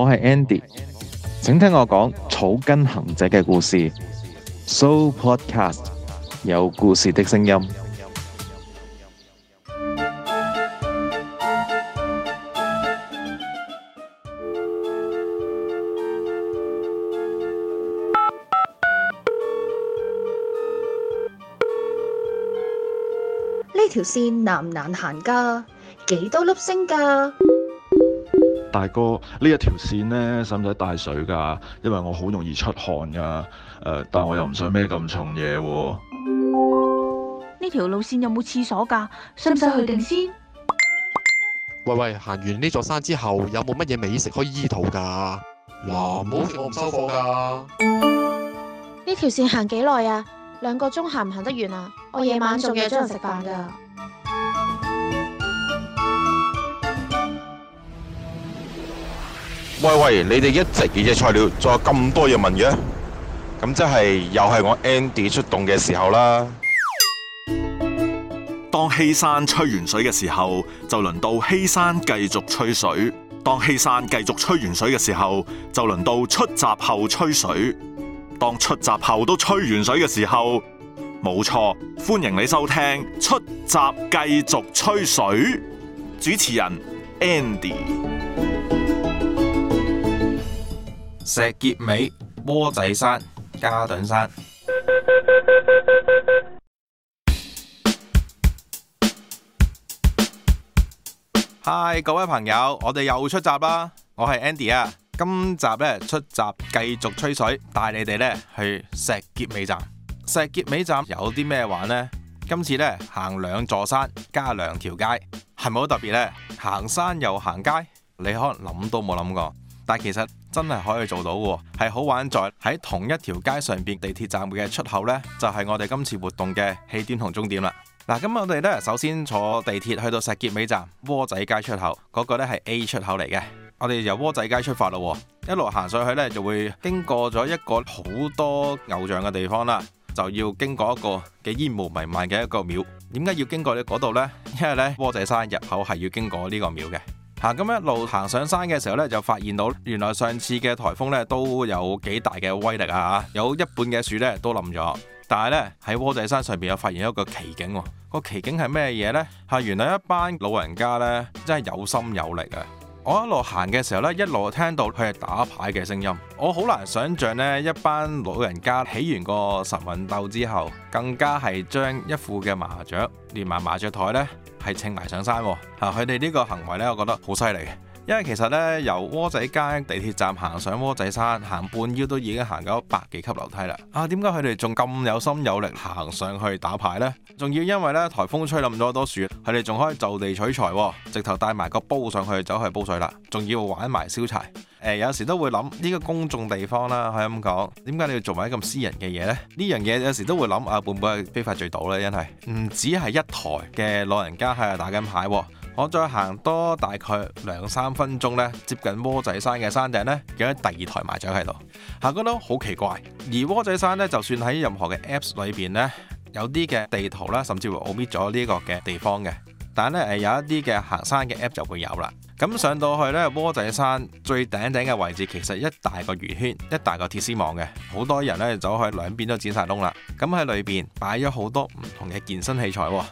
我係 Andy，請聽我講草根行者嘅故事。So Podcast，有故事的聲音。呢條線難唔難行㗎？幾多粒星㗎？大哥，呢一條線呢，使唔使帶水噶？因為我好容易出汗噶。誒、呃，但係我又唔想孭咁重嘢喎、哦。呢條路線有冇廁所噶？使唔使去定先？喂喂，行完呢座山之後有冇乜嘢美食可以醫肚噶？嗱、啊，冇好我唔收貨㗎。呢條線行幾耐呀？兩個鐘行唔行得完啊？我夜晚仲約咗人食飯㗎。喂喂，你哋一直熱熱材料，仲有咁多嘢問嘅，咁即係又係我 Andy 出動嘅時候啦。當希山吹完水嘅時候，就輪到希山繼續吹水。當希山繼續吹完水嘅時候，就輪到出閘後吹水。當出閘後都吹完水嘅時候，冇錯，歡迎你收聽出閘繼續吹水。主持人 Andy。石硤尾、窩仔山、加頓山。Hi，各位朋友，我哋又出閘啦！我係 Andy 啊，今集呢出閘繼續吹水，帶你哋呢去石硤尾站。石硤尾站有啲咩玩呢？今次呢行兩座山加兩條街，係咪好特別呢？行山又行街，你可能諗都冇諗過，但其實。真係可以做到嘅，係好玩在喺同一條街上邊，地鐵站嘅出口呢，就係我哋今次活動嘅起點同終點啦。嗱，咁我哋呢，首先坐地鐵去到石硖尾站窩仔街出口，嗰個呢係 A 出口嚟嘅。我哋由窩仔街出發咯，一路行上去呢，就會經過咗一個好多偶像嘅地方啦，就要經過一個幾煙霧彌漫嘅一個廟。點解要經過你嗰度呢？因為呢窩仔山入口係要經過呢個廟嘅。啊！咁一路行上山嘅時候咧，就發現到原來上次嘅台風咧都有幾大嘅威力啊！吓，有一半嘅樹咧都冧咗，但係咧喺窩仔山上邊又發現一個奇景，個奇景係咩嘢呢？係原來一班老人家咧真係有心有力啊！我一路行嘅時候呢，一路聽到佢係打牌嘅聲音。我好難想像呢一班老人家起完個晨運鬥之後，更加係將一副嘅麻雀連埋麻雀枱呢係稱埋上山。啊，佢哋呢個行為呢，我覺得好犀利。因為其實咧，由窩仔街地鐵站行上窩仔山，行半腰都已經行到百幾級樓梯啦。啊，點解佢哋仲咁有心有力行上去打牌呢？仲要因為咧颱風吹冧咗好多樹，佢哋仲可以就地取材、哦，直頭帶埋個煲上去走去煲水啦。仲要玩埋燒柴。誒、呃，有時都會諗呢、這個公眾地方啦、啊，可以咁講，點解你要做埋咁私人嘅嘢呢？呢樣嘢有時都會諗啊，會唔會係非法聚賭咧？真係唔止係一台嘅老人家喺度打緊牌、哦。我再行多走大概兩三分鐘咧，接近窩仔山嘅山頂呢，見第二台埋咗喺度。行到好奇怪，而窩仔山呢，就算喺任何嘅 Apps 裏邊呢，有啲嘅地圖啦，甚至乎 omit 咗呢個嘅地方嘅。但係咧，誒有一啲嘅行山嘅 App 就會有啦。咁上到去呢，窩仔山最頂頂嘅位置，其實一大個圓圈，一大個鐵絲網嘅，好多人咧走去兩邊都剪晒窿啦。咁喺裏邊擺咗好多唔同嘅健身器材、哦。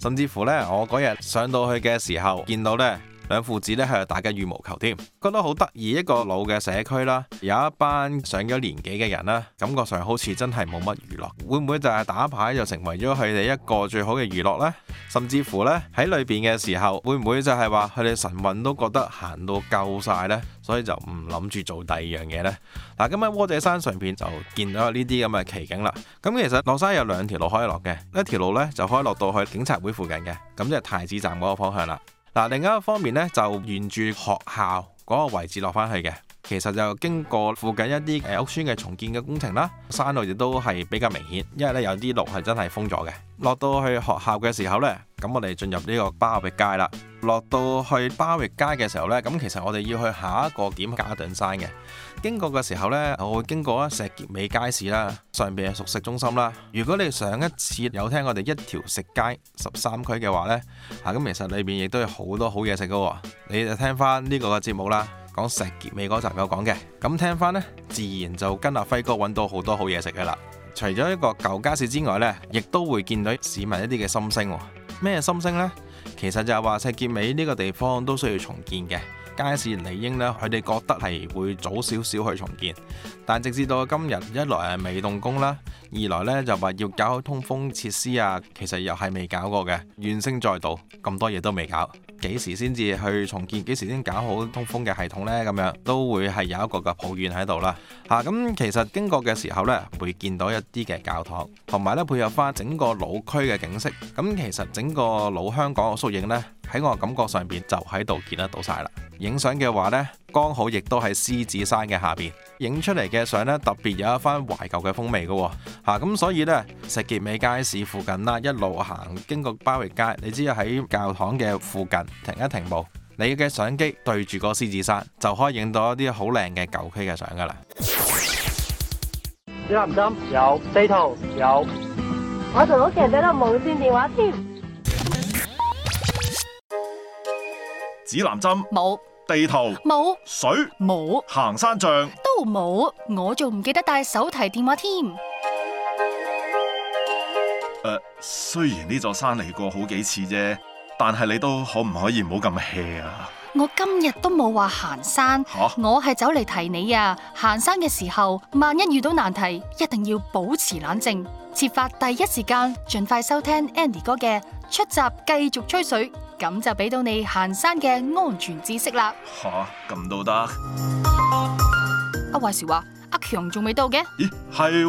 甚至乎呢，我嗰日上到去嘅時候，見到呢，兩父子咧喺度打緊羽毛球，添覺得好得意。一個老嘅社區啦，有一班上咗年紀嘅人啦，感覺上好似真係冇乜娛樂。會唔會就係打牌就成為咗佢哋一個最好嘅娛樂呢？甚至乎呢，喺裏邊嘅時候，會唔會就係話佢哋神運都覺得行到夠晒呢？所以就唔諗住做第二樣嘢呢。嗱、啊，咁喺窩仔山上邊就見到呢啲咁嘅奇景啦。咁、嗯、其實落山有兩條路可以落嘅，一條路呢就可以落到去警察會附近嘅，咁即係太子站嗰個方向啦。嗱，另一方面咧，就沿住學校嗰個位置落翻去嘅，其實就經過附近一啲誒屋村嘅重建嘅工程啦，山路亦都係比較明顯，因為咧有啲路係真係封咗嘅。落到去學校嘅時候咧，咁我哋進入呢個巴域街啦。落到去巴域街嘅時候咧，咁其實我哋要去下一個點嘉頓山嘅。經過嘅時候呢，我會經過啊石硖尾街市啦，上邊係熟食中心啦。如果你上一次有聽我哋一條食街十三區嘅話呢，吓，咁其實裏面亦都有好多好嘢食噶。你就聽翻呢個嘅節目啦，講石硖尾嗰集有講嘅。咁聽翻呢，自然就跟阿輝哥搵到好多好嘢食噶啦。除咗一個舊街市之外呢，亦都會見到市民一啲嘅心聲。咩心聲呢？其實就係話石硖尾呢個地方都需要重建嘅。街市理應咧，佢哋覺得係會早少少去重建，但直至到今日，一來係未動工啦，二來咧就話要搞通風設施啊，其實又係未搞過嘅，怨聲載道，咁多嘢都未搞。幾時先至去重建？幾時先搞好通風嘅系統呢？咁樣都會係有一個嘅抱怨喺度啦。咁、啊、其實經過嘅時候呢，會見到一啲嘅教堂，同埋呢配合翻整個老區嘅景色。咁、嗯、其實整個老香港嘅縮影呢，喺我感覺上面就喺度見得到晒啦。影相嘅話呢，剛好亦都喺獅子山嘅下面。影出嚟嘅相咧，特別有一番懷舊嘅風味嘅，嚇，咁所以咧，石硖尾街市附近啦，一路行經過巴域街，你只要喺教堂嘅附近停一停步，你嘅相機對住個獅子山，就可以影到一啲好靚嘅舊區嘅相噶啦。指南針有，地圖有，我同屋企人整到無線電話添。指南針冇，地圖冇，水冇，行山杖。冇，我仲唔記得帶手提電話添。誒、呃，雖然呢座山嚟過好幾次啫，但係你都可唔可以唔好咁 h e 啊？我今日都冇話行山，啊、我係走嚟提你啊。行山嘅時候，萬一遇到難題，一定要保持冷靜，設法第一時間盡快收聽 Andy 哥嘅出集，繼續吹水，咁就俾到你行山嘅安全知識啦。吓，咁都得。話時話阿強仲未到嘅？咦，係？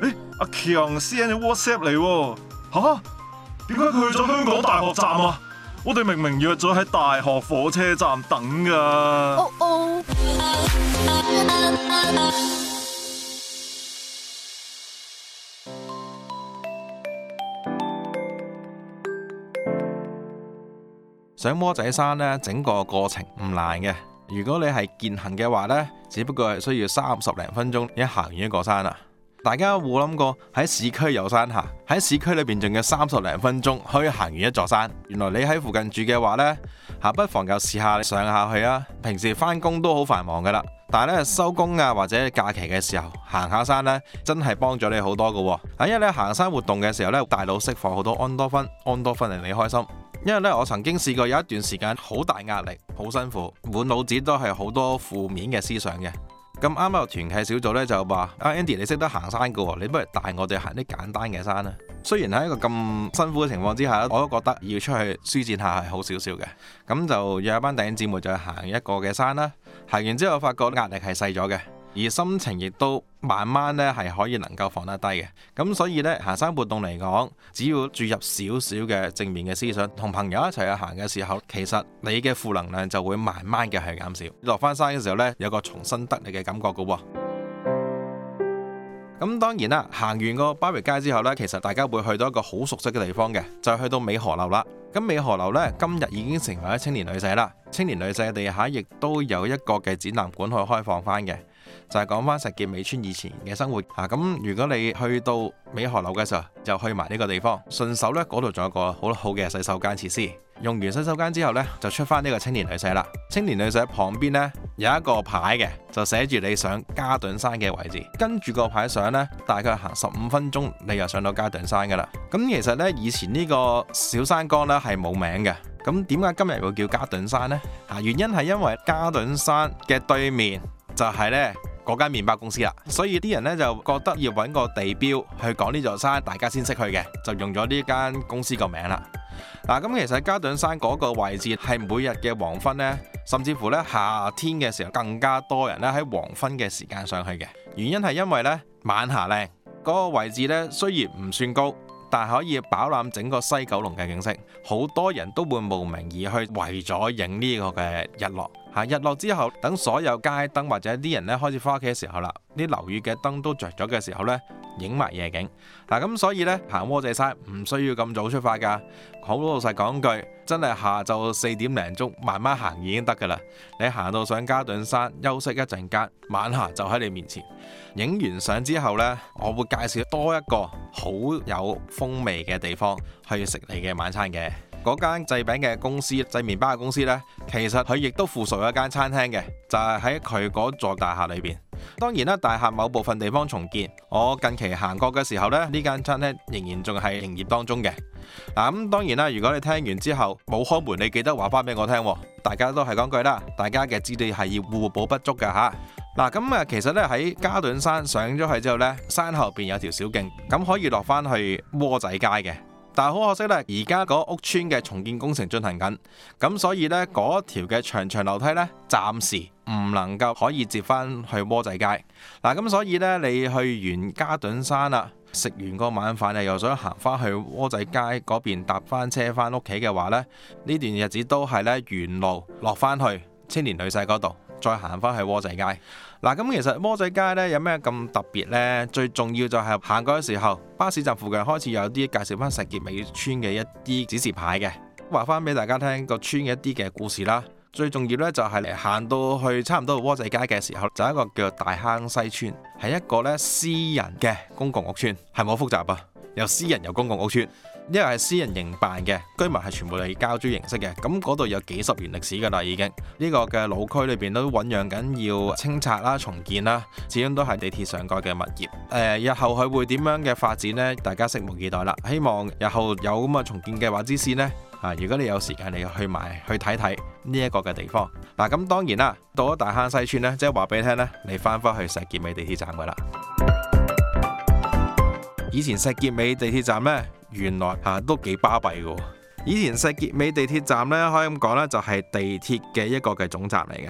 誒，阿強先喺你 WhatsApp 嚟？吓、啊？點解佢去咗香港大學站啊？我哋明明約咗喺大學火車站等噶。哦哦。上魔仔山咧，整個過程唔難嘅。如果你係健行嘅話呢，只不過係需要三十零分鐘一行完一個山啦。大家有冇諗過喺市區遊山下，喺市區裏邊仲有三十零分鐘可以行完一座山？原來你喺附近住嘅話呢嚇，不妨就試下上下去啦。平時返工都好繁忙㗎喇，但係咧收工啊或者假期嘅時候行下山呢，真係幫咗你好多㗎喎。啊，因為你行山活動嘅時候呢，大腦釋放好多好多安多酚，安多酚令你開心。因為咧，我曾經試過有一段時間好大壓力，好辛苦，滿腦子都係好多負面嘅思想嘅。咁啱啱個團契小組咧就話：啊 Andy 你識得行山㗎，你不如帶我哋行啲簡單嘅山啦。雖然喺一個咁辛苦嘅情況之下，我都覺得要出去舒展下係好少少嘅。咁就約班弟兄姊妹再行一個嘅山啦。行完之後發覺壓力係細咗嘅。而心情亦都慢慢咧，係可以能夠放得低嘅。咁所以咧，行山活動嚟講，只要注入少少嘅正面嘅思想，同朋友一齊去行嘅時候，其實你嘅負能量就會慢慢嘅去減少。落翻山嘅時候咧，有個重新得力嘅感覺嘅喎。咁當然啦，行完個巴黎街之後咧，其實大家會去到一個好熟悉嘅地方嘅，就係去到美荷樓啦。咁美荷樓咧，今日已經成為咗青年旅社啦。青年旅社嘅地下亦都有一個嘅展覽館可以開放翻嘅。就係講翻石硤尾村以前嘅生活咁、啊、如果你去到美河樓嘅時候，就去埋呢個地方。順手呢，嗰度仲有一個好好嘅洗手間設施。用完洗手間之後呢，就出翻呢個青年旅舍啦。青年旅舍旁邊呢，有一個牌嘅，就寫住你上嘉頓山嘅位置。跟住個牌上呢，大概行十五分鐘，你又上到嘉頓山噶啦。咁其實呢，以前呢個小山崗呢係冇名嘅。咁點解今日會叫嘉頓山呢？啊、原因係因為嘉頓山嘅對面就係呢。嗰間麵包公司啦，所以啲人咧就覺得要揾個地標去講呢座山，大家先識去嘅，就用咗呢間公司個名啦。嗱，咁其實嘉頓山嗰個位置係每日嘅黃昏咧，甚至乎咧夏天嘅時候更加多人咧喺黃昏嘅時間上去嘅。原因係因為咧晚霞咧嗰個位置咧雖然唔算高，但係可以飽覽整個西九龍嘅景色，好多人都會慕名而去為咗影呢個嘅日落。啊！日落之後，等所有街燈或者啲人咧開始返屋企嘅時候啦，啲樓宇嘅燈都着咗嘅時候呢，影埋夜景。嗱、啊、咁，所以呢，行窩仔山唔需要咁早出發噶。好老實講句，真係下晝四點零鐘慢慢行已經得噶啦。你行到上嘉頓山休息一陣間，晚霞就喺你面前。影完相之後呢，我會介紹多一個好有風味嘅地方去食你嘅晚餐嘅。嗰間製餅嘅公司、製麵包嘅公司呢，其實佢亦都附屬一間餐廳嘅，就係喺佢嗰座大廈裏面。當然啦，大廈某部分地方重建，我近期行過嘅時候呢，呢間餐廳仍然仲係營業當中嘅。嗱咁當然啦，如果你聽完之後冇開門，你記得話翻俾我聽。大家都係講句啦，大家嘅資料係要互補不足㗎吓。嗱咁啊，其實呢，喺嘉頓山上咗去之後呢，山後邊有條小徑，咁可以落翻去窩仔街嘅。但係好可惜咧，而家嗰屋村嘅重建工程進行緊，咁所以呢，嗰條嘅長長樓梯呢，暫時唔能夠可以接返去窩仔街嗱。咁所以呢，你去完加頓山啦，食完個晚飯咧，又想行返去窩仔街嗰邊搭返車返屋企嘅話呢，呢段日子都係呢，沿路落返去青年旅舍嗰度。再行返去窩仔街嗱，咁其實窩仔街呢有咩咁特別呢？最重要就係行過嘅時候，巴士站附近開始有啲介紹翻石硤尾村嘅一啲指示牌嘅，話翻俾大家聽個村嘅一啲嘅故事啦。最重要呢，就係嚟行到去差唔多到窩仔街嘅時候，就一個叫做大坑西村，係一個呢私人嘅公共屋村，係咪好複雜啊？有私人有公共屋村。呢個係私人營辦嘅，居民係全部係交租形式嘅，咁嗰度有幾十年歷史噶啦，已經呢個嘅老區裏邊都醞釀緊要清拆啦，重建啦，始終都係地鐵上蓋嘅物業。誒、呃，日後佢會點樣嘅發展呢？大家拭目以待啦。希望日後有咁嘅重建計劃之先呢。啊，如果你有時間，你去埋去睇睇呢一個嘅地方。嗱，啊，咁當然啦，到咗大坑西村呢，即係話俾你聽呢，你翻返去石硖尾地鐵站噶啦。以前石硖尾地鐵站咩？原來嚇、啊、都幾巴閉嘅。以前石硤尾地鐵站咧，可以咁講咧，就係、是、地鐵嘅一個嘅總站嚟嘅。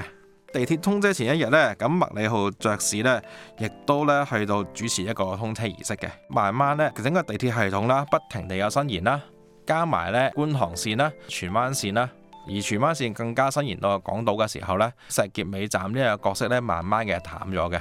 地鐵通車前一日咧，咁麥理浩爵士咧亦都咧去到主持一個通車儀式嘅。慢慢咧，整個地鐵系統啦，不停地有伸延啦，加埋咧觀塘線啦、荃灣線啦，而荃灣線更加伸延到港島嘅時候咧，石硤尾站呢個角色咧慢慢嘅淡咗嘅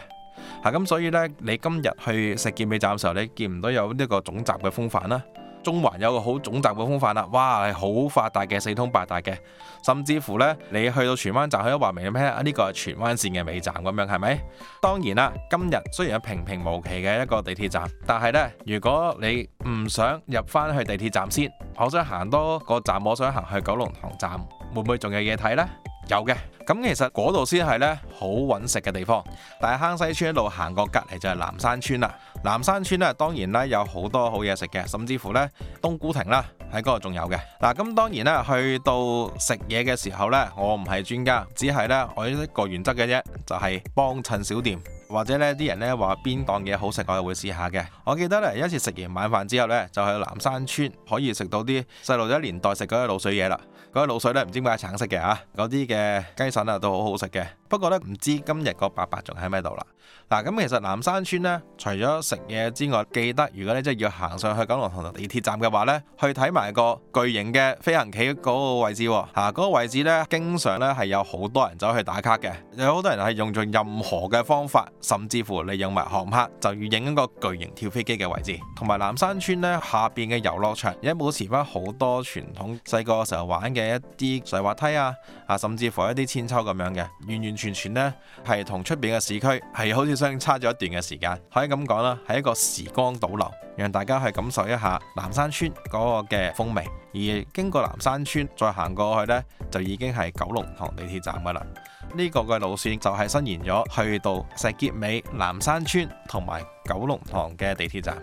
嚇咁，啊、所以咧你今日去石硤尾站嘅時候，你見唔到有呢個總站嘅風範啦。中環有個好總站嘅風範啦，哇係好發達嘅，四通八達嘅，甚至乎呢，你去到荃灣站，佢都話明咩啊？呢、呢個係荃灣線嘅尾站咁樣，係咪？當然啦，今日雖然係平平無奇嘅一個地鐵站，但係呢，如果你唔想入翻去地鐵站先，我想行多個站，我想行去九龍塘站，會唔會仲有嘢睇呢？有嘅，咁其實嗰度先係呢好揾食嘅地方。但係大坑西村一路行過隔離，就係南山村啦。南山村呢，當然呢有好多好嘢食嘅，甚至乎呢冬菇亭啦，喺嗰度仲有嘅。嗱，咁當然呢去到食嘢嘅時候呢，我唔係專家，只係呢我一個原則嘅啫，就係幫襯小店。或者呢啲人呢話邊檔嘢好食，我又會試下嘅。我記得呢一次食完晚飯之後呢，就去南山村可以食到啲細路仔年代食嗰啲鹵水嘢啦。嗰啲鹵水呢，唔知點解橙色嘅啊，嗰啲嘅雞腎啊都好好食嘅。不過咧，唔知今日個伯伯仲喺咩度啦？嗱，咁其實南山村呢，除咗食嘢之外，記得如果你真係要行上去九龍塘地鐵站嘅話呢，去睇埋個巨型嘅飛行棋嗰、嗰個位置，吓嗰個位置呢，經常呢係有好多人走去打卡嘅，有好多人係用盡任何嘅方法，甚至乎利用埋航拍，就要影一個巨型跳飛機嘅位置，同埋南山村呢，下邊嘅遊樂場，而家保持翻好多傳統細個時候玩嘅一啲水滑梯啊，啊，甚至乎一啲韆鞦咁樣嘅，遠遠完全全呢，係同出邊嘅市區係好似相差咗一段嘅時間，可以咁講啦，係一個時光倒流，讓大家去感受一下南山村嗰個嘅風味。而經過南山村再行過去呢，就已經係九龍塘地鐵站噶啦。呢、這個嘅路線就係伸延咗去到石硤尾、南山村同埋九龍塘嘅地鐵站。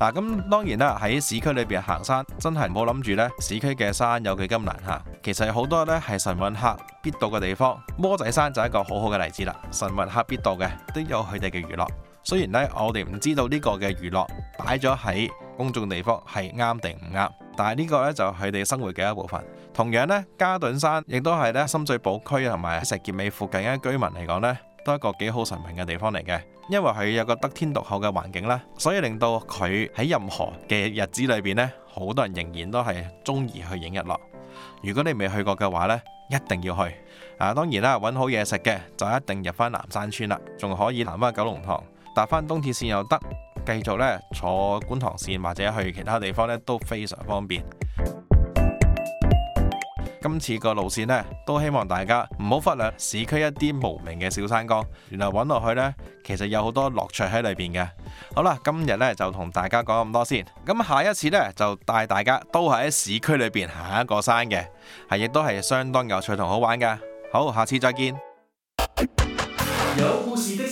嗱，咁 當然啦，喺市區裏邊行山，真係唔好諗住呢市區嘅山有幾咁難行。其實好多咧係神韻客必到嘅地方，魔仔山就係一個好好嘅例子啦。神韻客必到嘅都有佢哋嘅娛樂。雖然咧我哋唔知道呢個嘅娛樂擺咗喺公眾地方係啱定唔啱，但係呢個咧就佢哋生活嘅一部分。同樣咧，加頓山亦都係咧深水埗區同埋石硤尾附近嘅居民嚟講咧，都係一個幾好神明嘅地方嚟嘅，因為佢有個得天獨厚嘅環境啦，所以令到佢喺任何嘅日子裏邊咧，好多人仍然都係中意去影日落。如果你未去過嘅話呢，一定要去啊！當然啦，揾好嘢食嘅就一定入翻南山村啦，仲可以行翻九龍塘，搭翻東鐵綫又得，繼續呢，坐觀塘綫或者去其他地方呢都非常方便。今次個路線呢，都希望大家唔好忽略市區一啲無名嘅小山崗，原來揾落去呢，其實有好多樂趣喺裏邊嘅。好啦，今日呢，就同大家講咁多先，咁下一次呢，就帶大家都係喺市區裏邊行一個山嘅，係亦都係相當有趣同好玩嘅。好，下次再見。有故事的